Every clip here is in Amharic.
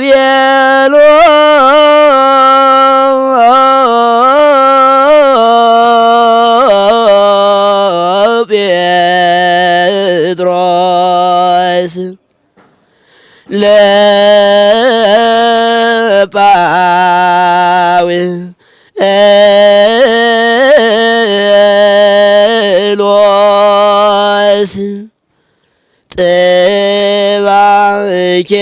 ቤሎ ጴጥሮስ ለጳዊ ሎስ ጥባኬ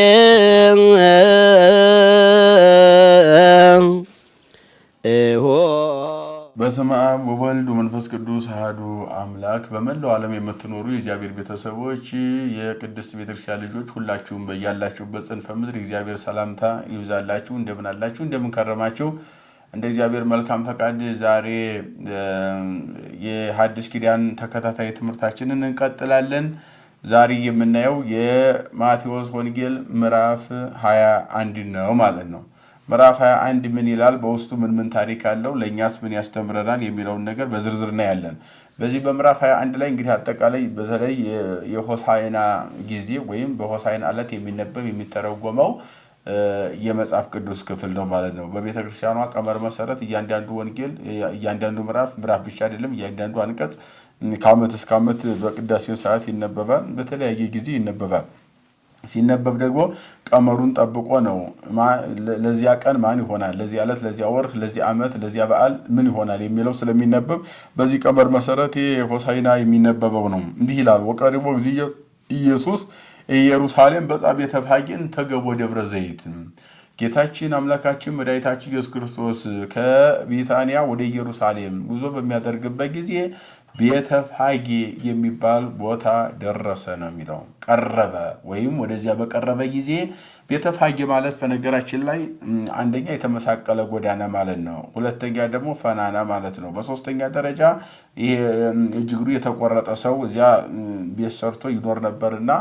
በስመ አብ ወወልድ ወመንፈስ ቅዱስ አሐዱ አምላክ። በመላው ዓለም የምትኖሩ የእግዚአብሔር ቤተሰቦች፣ የቅድስት ቤተክርስቲያን ልጆች ሁላችሁም በያላችሁበት ጽንፈ ምድር የእግዚአብሔር ሰላምታ ይብዛላችሁ። እንደምን አላችሁ? እንደምን ከረማችሁ? እንደ እግዚአብሔር መልካም ፈቃድ ዛሬ የሐዲስ ኪዳን ተከታታይ ትምህርታችንን እንቀጥላለን። ዛሬ የምናየው የማቴዎስ ወንጌል ምዕራፍ 21 ነው ማለት ነው። ምዕራፍ 21 ምን ይላል፣ በውስጡ ምን ምን ታሪክ አለው፣ ለእኛስ ምን ያስተምረናል የሚለውን ነገር በዝርዝር እናያለን። በዚህ በምዕራፍ 21 ላይ እንግዲህ አጠቃላይ በተለይ የሆሳይና ጊዜ ወይም በሆሳይና ዕለት የሚነበብ የሚተረጎመው የመጽሐፍ ቅዱስ ክፍል ነው ማለት ነው። በቤተ ክርስቲያኗ ቀመር መሰረት እያንዳንዱ ወንጌል እያንዳንዱ ምዕራፍ ምዕራፍ ብቻ አይደለም፣ እያንዳንዱ አንቀጽ ከዓመት እስከ ዓመት በቅዳሴው ሰዓት ይነበባል። በተለያየ ጊዜ ይነበባል። ሲነበብ ደግሞ ቀመሩን ጠብቆ ነው። ለዚያ ቀን ማን ይሆናል፣ ለዚ ዕለት፣ ለዚያ ወር፣ ለዚ ዓመት፣ ለዚያ በዓል ምን ይሆናል የሚለው ስለሚነበብ በዚህ ቀመር መሰረት ሆሳይና የሚነበበው ነው። እንዲህ ይላል ወቀሪቦ ጊዜ ኢየሱስ ኢየሩሳሌም በጻቤተ ብሃጌን ተገቦ ደብረ ዘይት ጌታችን አምላካችን መድኃኒታችን ኢየሱስ ክርስቶስ ከቢታንያ ወደ ኢየሩሳሌም ጉዞ በሚያደርግበት ጊዜ ቤተ ፋጌ የሚባል ቦታ ደረሰ ነው የሚለው። ቀረበ ወይም ወደዚያ በቀረበ ጊዜ ቤተፋጌ ማለት በነገራችን ላይ አንደኛ የተመሳቀለ ጎዳና ማለት ነው። ሁለተኛ ደግሞ ፈናና ማለት ነው። በሶስተኛ ደረጃ እጅግሩ የተቆረጠ ሰው እዚያ ቤት ሰርቶ ይኖር ነበርና እና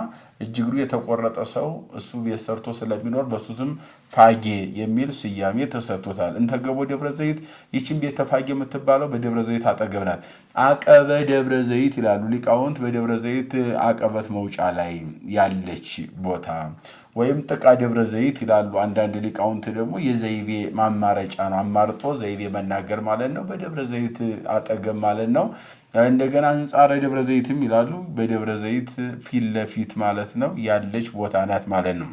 እጅግሩ የተቆረጠ ሰው እሱ ቤት ሰርቶ ስለሚኖር በሱ ስም ፋጌ የሚል ስያሜ ተሰጥቶታል። እንተገቦ ደብረ ዘይት ይችን ቤተ ፋጌ የምትባለው በደብረ ዘይት አጠገብ ናት። አቀበ ደብረ ዘይት ይላሉ ሊቃውንት። በደብረ ዘይት አቀበት መውጫ ላይ ያለች ቦታ ወይም ጥቃ ደብረ ዘይት ይላሉ። አንዳንድ ሊቃውንት ደግሞ የዘይቤ ማማረጫ ነው። አማርጦ ዘይቤ መናገር ማለት ነው። በደብረ ዘይት አጠገብ ማለት ነው። እንደገና አንጻረ ደብረ ዘይትም ይላሉ። በደብረ ዘይት ፊት ለፊት ማለት ነው ያለች ቦታ ናት ማለት ነው።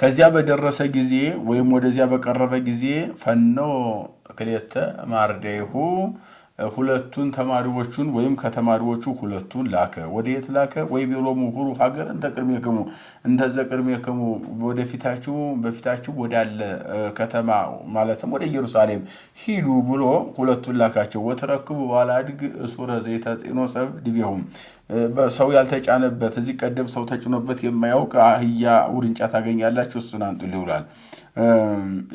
ከዚያ በደረሰ ጊዜ ወይም ወደዚያ በቀረበ ጊዜ ፈኖ ክሌተ ማርዴሁ ሁለቱን ተማሪዎቹን ወይም ከተማሪዎቹ ሁለቱን ላከ። ወደየት ላከ? ወይ ቢሮሙ ሁሩ ሀገር እንተ ቅድሜክሙ እንተዘ ክሙ ወደፊታችሁ በፊታችሁ ወዳለ ከተማ ማለትም ወደ ኢየሩሳሌም ሂዱ ብሎ ሁለቱን ላካቸው። ወተረክቡ በኋላ አድግ እሱረ ዘይተጽዕኖ ሰብ ድቤሁም ሰው ያልተጫነበት እዚህ ቀደም ሰው ተጭኖበት የማያውቅ አህያ ውርንጫ ታገኛላችሁ፣ እሱን አንጡ ሊውላል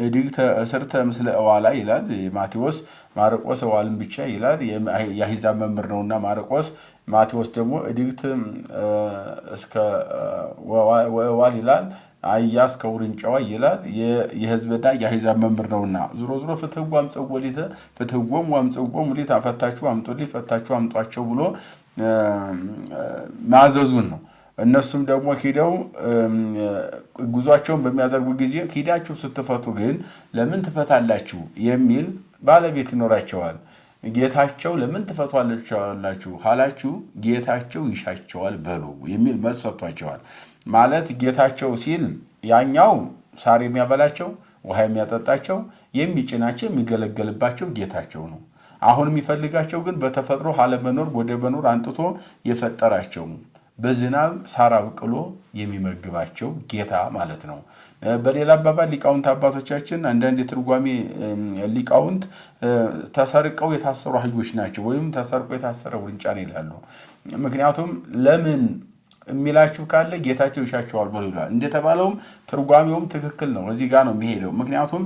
እዲግ ተእስርተ ምስለ እዋላ ይላል ማቴዎስ። ማርቆስ እዋልን ብቻ ይላል። የአሂዛብ መምህር ነውና ማርቆስ። ማቴዎስ ደግሞ እዲግት እስከ እዋል ይላል። አያ እስከ ውርንጫዋ ይላል። የሕዝብና የአሂዛብ መምህር ነውና ዞሮ ዞሮ ፍትህጎ አምፀጎ ሊተ ፍትህጎም ወአምፀጎም ሊት አፈታችሁ አምጦ ፈታችሁ አምጧቸው ብሎ ማዘዙን ነው። እነሱም ደግሞ ሂደው ጉዟቸውን በሚያደርጉ ጊዜ ሂዳችሁ ስትፈቱ ግን ለምን ትፈታላችሁ የሚል ባለቤት ይኖራቸዋል። ጌታቸው ለምን ትፈቷላችሁ ካላችሁ ጌታቸው ይሻቸዋል በሉ የሚል መልስ ሰጥቷቸዋል። ማለት ጌታቸው ሲል ያኛው ሳር የሚያበላቸው ውሃ የሚያጠጣቸው የሚጭናቸው የሚገለገልባቸው ጌታቸው ነው። አሁን የሚፈልጋቸው ግን በተፈጥሮ አለመኖር ወደ መኖር አንጥቶ የፈጠራቸው በዝናብ ሳር አብቅሎ የሚመግባቸው ጌታ ማለት ነው። በሌላ አባባል ሊቃውንት አባቶቻችን አንዳንድ የትርጓሜ ሊቃውንት ተሰርቀው የታሰሩ አህዮች ናቸው ወይም ተሰርቆ የታሰረ ውርንጫ ነው ይላሉ። ምክንያቱም ለምን የሚላችሁ ካለ ጌታቸው ይሻቸዋል ብሎ ይሏል። እንደተባለውም ትርጓሜውም ትክክል ነው። እዚህ ጋር ነው የሚሄደው። ምክንያቱም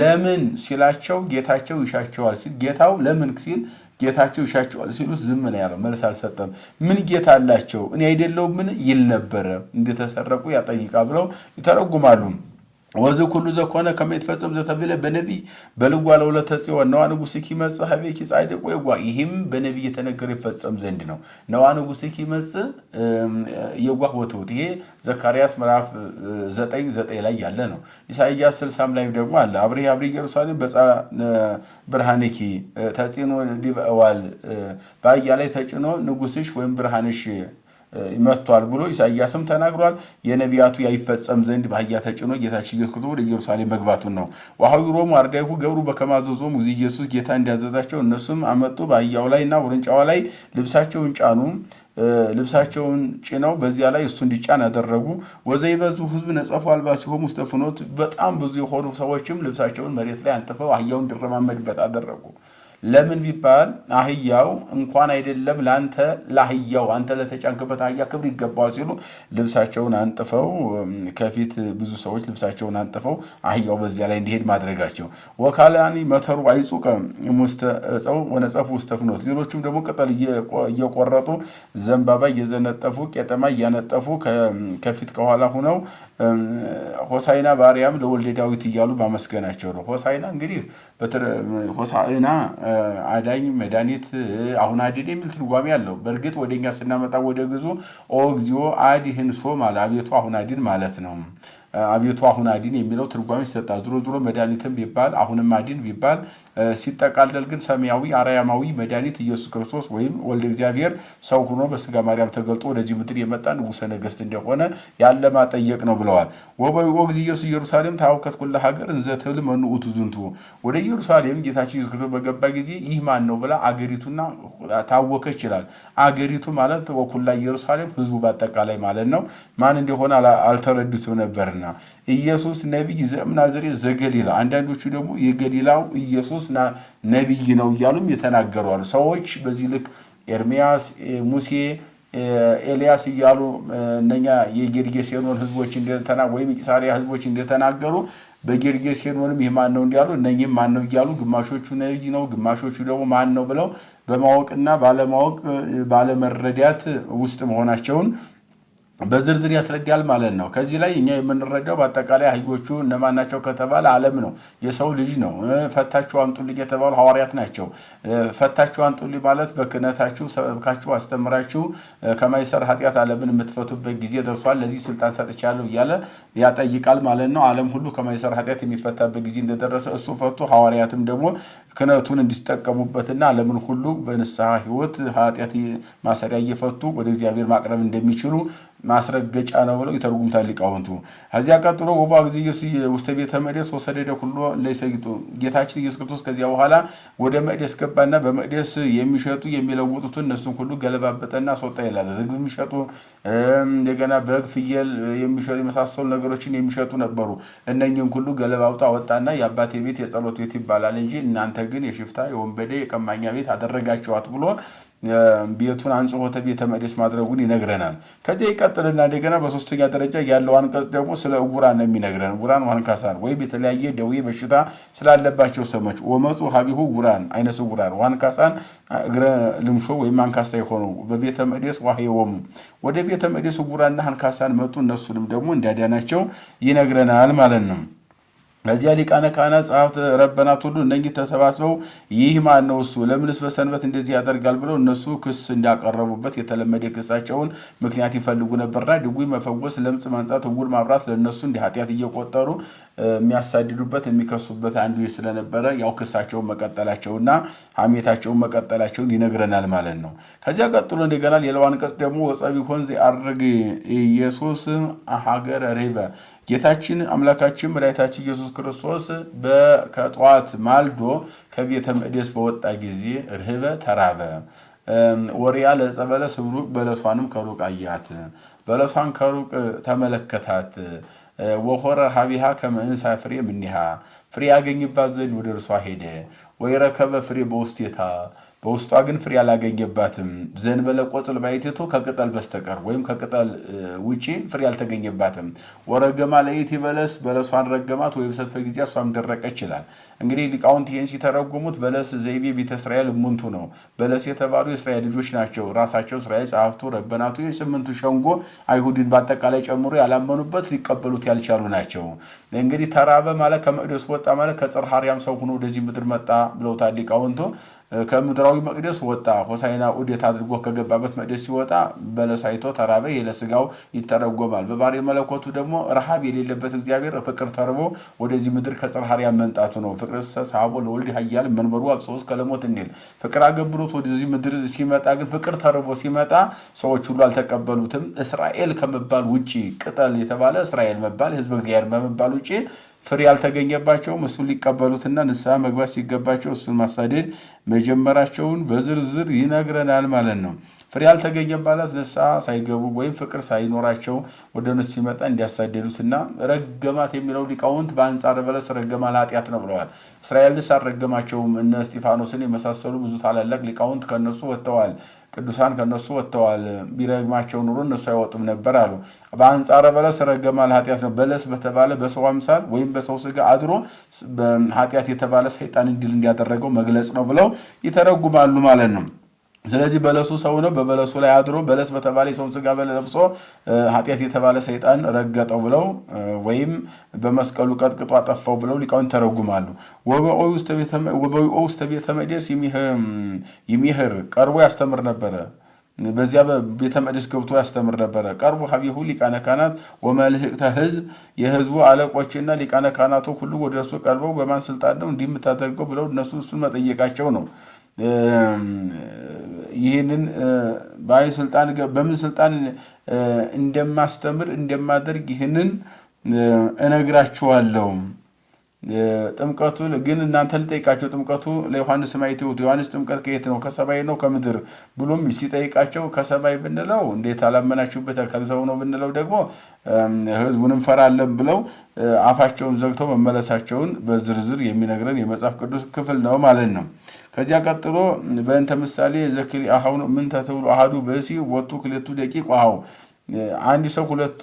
ለምን ሲላቸው ጌታቸው ይሻቸዋል ሲል ጌታው ለምን ሲል ጌታቸው ይሻቸዋል ሲሉስ ዝም ነው ያለው፣ መልስ አልሰጠም። ምን ጌታ አላቸው? እኔ አይደለው ምን ይል ነበረ እንደተሰረቁ ያጠይቃ ብለው ይተረጉማሉ። ወዝ ኩሉ ዘኮነ ከመ ይትፈጸም ዘተብለ በነቢይ በልጓ ለውለተ ጽዮን ነዋ ንጉሥኪ ይመጽእ ሀቤኪ ጻድቅ ወይጓ። ይህም በነቢይ እየተነገረ ይፈጸም ዘንድ ነው። ነዋ ንጉሥኪ ይመጽእ የጓህ ወትውት። ይሄ ዘካርያስ ምዕራፍ ዘጠኝ ዘጠኝ ላይ ያለ ነው። ኢሳይያስ ስልሳም ላይ ደግሞ አለ። አብሪ አብሪ ኢየሩሳሌም በጻ ብርሃንኪ ተጽኖ ዲበእዋል በአያ ላይ ተጭኖ ንጉሥሽ ወይም ብርሃንሽ መጥቷል ብሎ ኢሳያስም ተናግሯል። የነቢያቱ ያይፈጸም ዘንድ በአህያ ተጭኖ ጌታችን ኢየሱስ ክርስቶስ ወደ ኢየሩሳሌም መግባቱን ነው። ወአኀዊሮሙ ሮሙ አርዳይሁ ገብሩ በከማዘዞም አዘዞሙ ኢየሱስ ጌታ እንዲያዘዛቸው እነሱም አመጡ። በአህያው ላይ እና ውርንጫዋ ላይ ልብሳቸውን ጫኑ። ልብሳቸውን ጭነው በዚያ ላይ እሱ እንዲጫን ያደረጉ። ወዘ ይበዙ ህዝብ ነጸፉ አልባ ሲሆም ውስተ ፍኖት፣ በጣም ብዙ የሆኑ ሰዎችም ልብሳቸውን መሬት ላይ አንጥፈው አህያው እንዲረማመድበት አደረጉ። ለምን ቢባል አህያው እንኳን አይደለም ለአንተ ለአህያው አንተ ለተጫንክበት አህያ ክብር ይገባዋል ሲሉ ልብሳቸውን አንጥፈው ከፊት ብዙ ሰዎች ልብሳቸውን አንጥፈው አህያው በዚያ ላይ እንዲሄድ ማድረጋቸው ወካላኒ መተሩ አይጹቀ ሙስተጸው ወነጸፉ ውስተፍኖት ሌሎችም ደግሞ ቅጠል እየቆረጡ ዘንባባ እየዘነጠፉ ቄጠማ እያነጠፉ ከፊት ከኋላ ሁነው ሆሳይና በአርያም ለወልደ ዳዊት እያሉ ማመስገናቸው ነው። ሆሳይና እንግዲህ ሆሳይና አዳኝ መድኃኒት፣ አሁን አድን የሚል ትርጓሜ አለው። በእርግጥ ወደኛ ስናመጣ ወደ ግዙ ኦ እግዚኦ ሶ ማለት አቤቱ አሁን አድን ማለት ነው። አቤቱ አሁን አድን የሚለው ትርጓሜ ይሰጣል። ዝሮ ዝሮ መድኃኒትም ቢባል አሁንም አድን ቢባል ሲጠቃለል ግን ሰማያዊ አርያማዊ መድኃኒት ኢየሱስ ክርስቶስ ወይም ወልድ እግዚአብሔር ሰው ሆኖ በስጋ ማርያም ተገልጦ ወደዚህ ምድር የመጣ ንጉሰ ነገስት እንደሆነ ያለ ማጠየቅ ነው ብለዋል። ወጊዜ ኢየሱስ ኢየሩሳሌም ታውከት ኩለ ሀገር እንዘ ትብል መኑ ውእቱ ዝንቱ። ወደ ኢየሩሳሌም ጌታችን ኢየሱስ ክርስቶስ በገባ ጊዜ ይህ ማን ነው ብላ አገሪቱና ታወከ ይችላል። አገሪቱ ማለት ወኩላ ኢየሩሳሌም ህዝቡ በአጠቃላይ ማለት ነው። ማን እንደሆነ አልተረዱትም ነበርና ኢየሱስ ነቢይ ዘእምናዝሬት ዘገሊላ አንዳንዶቹ ደግሞ የገሊላው ኢየሱስ ክርስቶስ ነቢይ ነው እያሉም የተናገሯል። ሰዎች በዚህ ልክ ኤርሚያስ፣ ሙሴ፣ ኤልያስ እያሉ እነኛ የጌርጌሴኖን ህዝቦች እንደተና ወይም የቂሳሪያ ህዝቦች እንደተናገሩ በጌርጌሴኖንም ይህ ማን ነው እንዲያሉ እነኚህም ማን ነው እያሉ ግማሾቹ ነቢይ ነው፣ ግማሾቹ ደግሞ ማን ነው ብለው በማወቅና ባለማወቅ ባለመረዳት ውስጥ መሆናቸውን በዝርዝር ያስረዳል ማለት ነው። ከዚህ ላይ እኛ የምንረዳው በአጠቃላይ አህዮቹ እነማን ናቸው ከተባለ ዓለም ነው፣ የሰው ልጅ ነው። ፈታችሁ አምጡልኝ የተባሉ ሐዋርያት ናቸው። ፈታችሁ አምጡልኝ ማለት በክህነታችሁ ሰብካችሁ አስተምራችሁ ከማይሰር ኃጢአት ዓለምን የምትፈቱበት ጊዜ ደርሷል፣ ለዚህ ስልጣን ሰጥቻለሁ እያለ ያጠይቃል ማለት ነው። ዓለም ሁሉ ከማይሰር ኃጢአት የሚፈታበት ጊዜ እንደደረሰ እሱ ፈቱ፣ ሐዋርያትም ደግሞ ክህነቱን እንዲጠቀሙበትና ዓለምን ሁሉ በንስሐ ህይወት ኃጢአት ማሰሪያ እየፈቱ ወደ እግዚአብሔር ማቅረብ እንደሚችሉ ማስረገጫ ነው ብለው ይተርጉምታል ሊቃውንቱ። ከዚያ ቀጥሎ ወባ ጊዜ ውስተ ቤተ መቅደስ ወሰደደ ሁሉ ለይሰግጡ ጌታችን ኢየሱስ ክርስቶስ ከዚያ በኋላ ወደ መቅደስ ገባና በመቅደስ የሚሸጡ የሚለውጡትን እነሱን ሁሉ ገለባበጠና አስወጣ ይላል። ርግብ የሚሸጡ እንደገና በግ፣ ፍየል የሚሸጡ የመሳሰሉ ነገሮችን የሚሸጡ ነበሩ። እነኝን ሁሉ ገለባብጦ አወጣና የአባቴ ቤት የጸሎት ቤት ይባላል እንጂ እናንተ ግን የሽፍታ የወንበዴ የቀማኛ ቤት አደረጋቸዋት ብሎ ቤቱን አንጽሖተ ቤተ መቅደስ ማድረጉን ይነግረናል። ከዚያ ይቀጥልና እንደገና በሶስተኛ ደረጃ ያለው አንቀጽ ደግሞ ስለ ዕውራን ነው የሚነግረን። ዕውራን ዋንካሳን ወይም የተለያየ ደዌ በሽታ ስላለባቸው ሰዎች ወመፁ ሀቢሁ ዕውራን አይነ ስውራን ዋንካሳን እግረ ልምሾ ወይም አንካሳ የሆኑ በቤተ መቅደስ ዋህየወሙ ወደ ቤተ መቅደስ ዕውራንና አንካሳን መጡ እነሱንም ደግሞ እንዳዳናቸው ይነግረናል ማለት ነው። ከዚያ ሊቃነ ካህናት ጸሐፍት ረበናት ሁሉ እነኚህ ተሰባስበው ይህ ማን ነው እሱ ለምንስ በሰንበት እንደዚህ ያደርጋል ብለው እነሱ ክስ እንዳቀረቡበት የተለመደ ክሳቸውን ምክንያት ይፈልጉ ነበርና ድውይ መፈወስ፣ ለምጽ ማንጻት፣ ዕውር ማብራት ለእነሱ እንደ ኃጢአት እየቆጠሩ የሚያሳድዱበት የሚከሱበት አንዱ ስለነበረ ያው ክሳቸውን መቀጠላቸውና ሐሜታቸውን መቀጠላቸውን ይነግረናል ማለት ነው። ከዚያ ቀጥሎ እንደገና ሌላው አንቀጽ ደግሞ ወፀብ ይኮን ዘአርግ ኢየሱስ ሀገረ ሬበ ጌታችን አምላካችን መድኃኒታችን ኢየሱስ ክርስቶስ ከጠዋት ማልዶ ከቤተ መቅደስ በወጣ ጊዜ ርህበ ተራበ። ወሪያ ለጸበለ ስብሩ በለሷንም ከሩቅ አያት። በለሷን ከሩቅ ተመለከታት። ወሆረ ሀቢሃ ከመእንሳ ፍሬ ምኒሃ ፍሬ ያገኝባት ዘንድ ወደ እርሷ ሄደ። ወይረከበ ፍሬ በውስቴታ በውስጧ ግን ፍሬ አላገኘባትም። ዘንበለ ቆጽል ባይቴቱ ከቅጠል በስተቀር ወይም ከቅጠል ውጪ ፍሬ አልተገኘባትም። ወረገማ ለይእቲ በለስ በለሷን ረገማት፣ ወይም ወይብሰት ጊዜ እሷም ደረቀ ይችላል። እንግዲህ ሊቃውንት ይህን ሲተረጉሙት በለስ ዘይቤ ቤተ እስራኤል እሙንቱ ነው። በለስ የተባሉ የእስራኤል ልጆች ናቸው። ራሳቸው እስራኤል ጸሐፍቱ፣ ረበናቱ፣ የስምንቱ ሸንጎ አይሁድን በአጠቃላይ ጨምሮ ያላመኑበት ሊቀበሉት ያልቻሉ ናቸው። እንግዲህ ተራበ ማለት ከመቅደሱ ወጣ ማለት ከጽርሐ አርያም ሰው ሆኖ ወደዚህ ምድር መጣ ብለውታል ሊቃውንቱ። ከምድራዊ መቅደስ ወጣ። ሆሳይና ውዴት አድርጎ ከገባበት መቅደስ ሲወጣ በለሳይቶ ተራበ ይለ ስጋው ይተረጎማል። በባሕርይ መለኮቱ ደግሞ ረሃብ የሌለበት እግዚአብሔር ፍቅር ተርቦ ወደዚህ ምድር ከጽርሐ አርያም መምጣቱ ነው። ፍቅር ሰሳቦ ለወልድ ኃያል መንበሩ አብጽሑስ ከለሞት እንዲል ፍቅር አገብሮት ወደዚህ ምድር ሲመጣ ግን ፍቅር ተርቦ ሲመጣ ሰዎች ሁሉ አልተቀበሉትም። እስራኤል ከመባል ውጭ ቅጠል የተባለ እስራኤል መባል ህዝብ እግዚአብሔር በመባል ውጭ ፍሬ ያልተገኘባቸውም እሱን ሊቀበሉትና ንስሐ መግባት ሲገባቸው እሱን ማሳደድ መጀመራቸውን በዝርዝር ይነግረናል ማለት ነው። ፍሬ ያልተገኘባላት ንስሐ ሳይገቡ ወይም ፍቅር ሳይኖራቸው ወደ እነሱ ሲመጣ እንዲያሳደዱትና ረገማት የሚለው ሊቃውንት በአንጻር በለስ ረገማ ኃጢአት ነው ብለዋል። ልስ አልረገማቸውም። እነ እስጢፋኖስን የመሳሰሉ ብዙ ታላላቅ ሊቃውንት ከነሱ ወጥተዋል። ቅዱሳን ከነሱ ወጥተዋል። ቢረግማቸው ኑሮ እነሱ አይወጡም ነበር አሉ። በአንጻረ በለስ ረገማ ለኃጢአት ነው። በለስ በተባለ በሰው አምሳል ወይም በሰው ስጋ አድሮ ኃጢአት የተባለ ሰይጣን እንዲል እንዲያደረገው መግለጽ ነው ብለው ይተረጉማሉ ማለት ነው። ስለዚህ በለሱ ሰው ነው። በበለሱ ላይ አድሮ በለስ በተባለ የሰውን ስጋ ለብሶ ኃጢአት የተባለ ሰይጣን ረገጠው ብለው ወይም በመስቀሉ ቀጥቅጦ አጠፋው ብለው ሊቃውን ተረጉማሉ። ወበኦ ውስተ ቤተ መቅደስ የሚህር ቀርቦ ያስተምር ነበረ። በዚያ ቤተ መቅደስ ገብቶ ያስተምር ነበረ። ቀርቡ ሀቢሁ ሊቃነ ካህናት ወመልህቅተ ህዝብ፣ የህዝቡ አለቆችና ሊቃነ ካህናቱ ሁሉ ወደ እርሱ ቀርበው በማን ስልጣን ነው እንዲህ የምታደርገው ብለው እነሱ እሱን መጠየቃቸው ነው። ይህንን ስልጣን በምን ስልጣን እንደማስተምር እንደማደርግ ይህንን እነግራችኋለሁ። ጥምቀቱ ግን እናንተ ልጠይቃቸው ጥምቀቱ ለዮሐንስ ማይቴዎት ዮሐንስ ጥምቀት ከየት ነው? ከሰማይ ነው ከምድር ብሎም ሲጠይቃቸው ከሰማይ ብንለው እንዴት አላመናችሁበት? ከሰው ነው ብንለው ደግሞ ህዝቡን እንፈራለን ብለው አፋቸውን ዘግተው መመለሳቸውን በዝርዝር የሚነግረን የመጽሐፍ ቅዱስ ክፍል ነው ማለት ነው። ከዚያ ቀጥሎ በእንተ ምሳሌ ዘክሪ አሁን ምን ተብሎ አህዱ ብእሲ ወጡ ክልኤቱ ደቂቅ አኀው አንድ ሰው ሁለት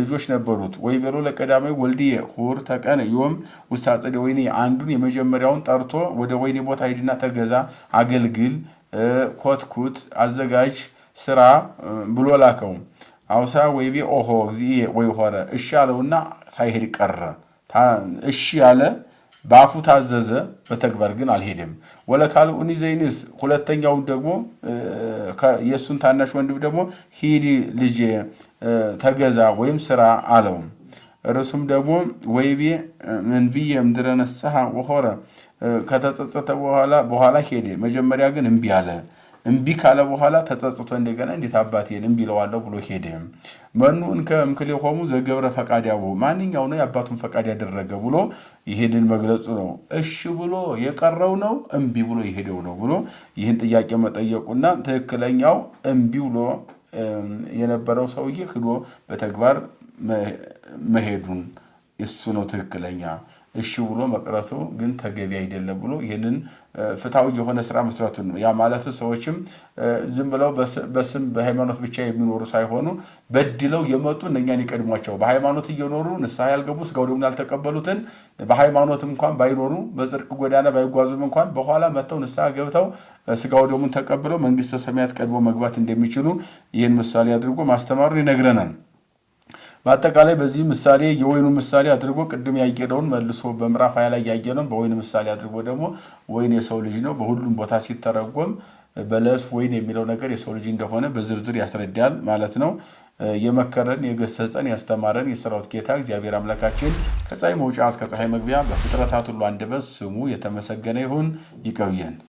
ልጆች ነበሩት። ወይ ወይቤሎ ለቀዳማዊ ወልድየ ሁር ተቀን ዮም ውስተ አጸደ ወይኔ። አንዱን የመጀመሪያውን ጠርቶ ወደ ወይኔ ቦታ ሂድና ተገዛ፣ አገልግል፣ ኮትኩት፣ አዘጋጅ፣ ስራ ብሎ ላከው። አውሳ ወይ ወይቤ ኦሆ እግዚእየ ሆረ እሺ አለውና ሳይሄድ ቀረ። እሺ ያለ በአፉ ታዘዘ፣ በተግባር ግን አልሄደም። ወለካልኡኒ ዘይንስ ሁለተኛውም ደግሞ የእሱን ታናሽ ወንድም ደግሞ ሂድ ልጄ ተገዛ ወይም ስራ አለው። እርሱም ደግሞ ወይቤ እንብየ እምድረ ነስሐ ወሖረ ከተጸጸተ በኋላ ሄደ። መጀመሪያ ግን እምቢ አለ። እምቢ ካለ በኋላ ተጸጽቶ እንደገና እንዴት አባቴ እምቢ እለዋለሁ ብሎ ሄደ። መኑ እንከ እምክሌሆሙ ዘገብረ ፈቃድ ያቦ ማንኛው ነው የአባቱን ፈቃድ ያደረገ ብሎ ይሄንን መግለጹ ነው። እሺ ብሎ የቀረው ነው እምቢ ብሎ የሄደው ነው ብሎ ይህን ጥያቄ መጠየቁና ትክክለኛው እምቢ ብሎ የነበረው ሰውዬ ክዶ በተግባር መሄዱን እሱ ነው ትክክለኛ እሺ ብሎ መቅረቱ ግን ተገቢ አይደለም ብሎ ይህንን ፍትሐዊ የሆነ ስራ መስራቱን ነው። ያ ማለት ሰዎችም ዝም ብለው በስም በሃይማኖት ብቻ የሚኖሩ ሳይሆኑ በድለው የመጡ እነኛን ይቀድሟቸው። በሃይማኖት እየኖሩ ንስሐ ያልገቡ ስጋው ደግሞ ያልተቀበሉትን በሃይማኖት እንኳን ባይኖሩ በጽድቅ ጎዳና ባይጓዙም እንኳን በኋላ መጥተው ንስሐ ገብተው ስጋው ደሙን ተቀብለው መንግስተ ሰማያት ቀድሞ መግባት እንደሚችሉ ይህን ምሳሌ አድርጎ ማስተማሩን ይነግረናል። በአጠቃላይ በዚህ ምሳሌ የወይኑ ምሳሌ አድርጎ ቅድም ያየነውን መልሶ በምዕራፍ ሀያ ላይ ያየነውን በወይኑ ምሳሌ አድርጎ ደግሞ ወይን የሰው ልጅ ነው በሁሉም ቦታ ሲተረጎም በለስ ወይን የሚለው ነገር የሰው ልጅ እንደሆነ በዝርዝር ያስረዳል ማለት ነው። የመከረን የገሰጸን ያስተማረን የሰራዊት ጌታ እግዚአብሔር አምላካችን ከፀሐይ መውጫ እስከ ፀሐይ መግቢያ በፍጥረታት ሁሉ አንደበት ስሙ የተመሰገነ ይሁን። ይቆየን።